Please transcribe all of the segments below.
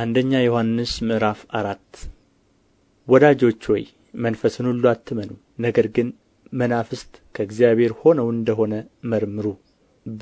አንደኛ ዮሐንስ ምዕራፍ አራት ወዳጆች ሆይ መንፈስን ሁሉ አትመኑ፣ ነገር ግን መናፍስት ከእግዚአብሔር ሆነው እንደሆነ መርምሩ፣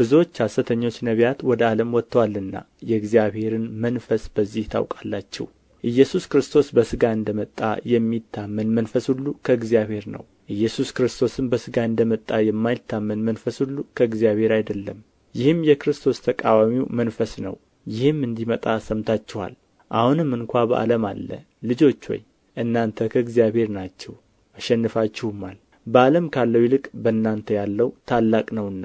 ብዙዎች ሐሰተኞች ነቢያት ወደ ዓለም ወጥተዋልና የእግዚአብሔርን መንፈስ በዚህ ታውቃላችሁ። ኢየሱስ ክርስቶስ በሥጋ እንደ መጣ የሚታመን መንፈስ ሁሉ ከእግዚአብሔር ነው። ኢየሱስ ክርስቶስም በሥጋ እንደ መጣ የማይታመን መንፈስ ሁሉ ከእግዚአብሔር አይደለም። ይህም የክርስቶስ ተቃዋሚው መንፈስ ነው። ይህም እንዲመጣ ሰምታችኋል። አሁንም እንኳ በዓለም አለ ልጆች ሆይ እናንተ ከእግዚአብሔር ናችሁ አሸንፋችሁማል በዓለም ካለው ይልቅ በእናንተ ያለው ታላቅ ነውና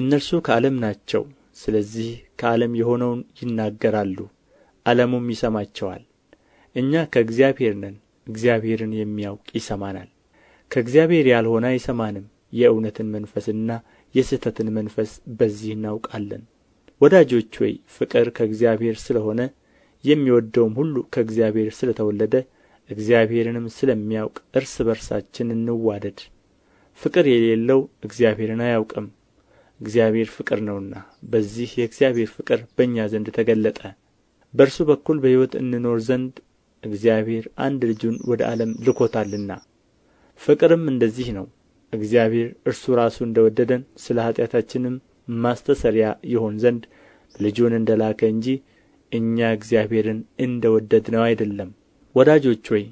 እነርሱ ከዓለም ናቸው ስለዚህ ከዓለም የሆነውን ይናገራሉ ዓለሙም ይሰማቸዋል እኛ ከእግዚአብሔር ነን እግዚአብሔርን የሚያውቅ ይሰማናል ከእግዚአብሔር ያልሆነ አይሰማንም የእውነትን መንፈስና የስህተትን መንፈስ በዚህ እናውቃለን ወዳጆች ሆይ ፍቅር ከእግዚአብሔር ስለ ሆነ የሚወደውም ሁሉ ከእግዚአብሔር ስለ ተወለደ እግዚአብሔርንም ስለሚያውቅ እርስ በርሳችን እንዋደድ። ፍቅር የሌለው እግዚአብሔርን አያውቅም፣ እግዚአብሔር ፍቅር ነውና። በዚህ የእግዚአብሔር ፍቅር በእኛ ዘንድ ተገለጠ፣ በእርሱ በኩል በሕይወት እንኖር ዘንድ እግዚአብሔር አንድ ልጁን ወደ ዓለም ልኮታልና። ፍቅርም እንደዚህ ነው፣ እግዚአብሔር እርሱ ራሱ እንደ ወደደን ስለ ኃጢአታችንም ማስተሰሪያ ይሆን ዘንድ ልጁን እንደ ላከ እንጂ እኛ እግዚአብሔርን እንደ ወደድነው አይደለም ወዳጆች ሆይ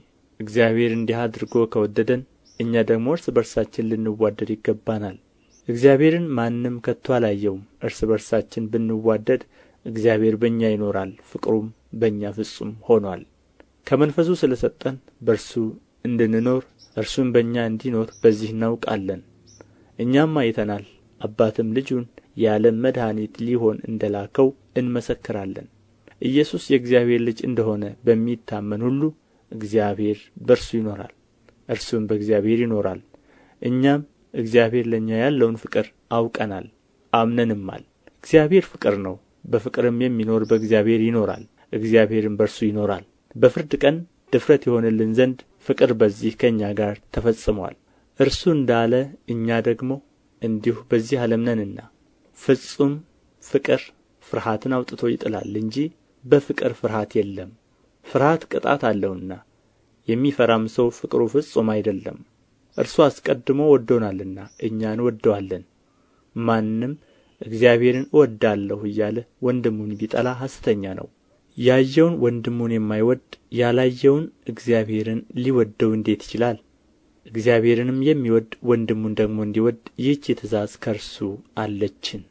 እግዚአብሔር እንዲህ አድርጎ ከወደደን እኛ ደግሞ እርስ በርሳችን ልንዋደድ ይገባናል እግዚአብሔርን ማንም ከቶ አላየውም እርስ በርሳችን ብንዋደድ እግዚአብሔር በእኛ ይኖራል ፍቅሩም በእኛ ፍጹም ሆኖአል ከመንፈሱ ስለ ሰጠን በእርሱ እንድንኖር እርሱም በእኛ እንዲኖር በዚህ እናውቃለን እኛም አይተናል አባትም ልጁን የዓለም መድኃኒት ሊሆን እንደ ላከው እንመሰክራለን ኢየሱስ የእግዚአብሔር ልጅ እንደሆነ በሚታመን ሁሉ እግዚአብሔር በእርሱ ይኖራል እርሱም በእግዚአብሔር ይኖራል እኛም እግዚአብሔር ለእኛ ያለውን ፍቅር አውቀናል አምነንማል እግዚአብሔር ፍቅር ነው በፍቅርም የሚኖር በእግዚአብሔር ይኖራል እግዚአብሔርም በእርሱ ይኖራል በፍርድ ቀን ድፍረት የሆንልን ዘንድ ፍቅር በዚህ ከእኛ ጋር ተፈጽሟል እርሱ እንዳለ እኛ ደግሞ እንዲሁ በዚህ ዓለም ነንና ፍጹም ፍቅር ፍርሃትን አውጥቶ ይጥላል እንጂ በፍቅር ፍርሃት የለም። ፍርሃት ቅጣት አለውና የሚፈራም ሰው ፍቅሩ ፍጹም አይደለም። እርሱ አስቀድሞ ወዶናልና እኛ እንወደዋለን። ማንም እግዚአብሔርን እወዳለሁ እያለ ወንድሙን ቢጠላ ሐሰተኛ ነው። ያየውን ወንድሙን የማይወድ ያላየውን እግዚአብሔርን ሊወደው እንዴት ይችላል? እግዚአብሔርንም የሚወድ ወንድሙን ደግሞ እንዲወድ ይህች ትእዛዝ ከእርሱ አለችን።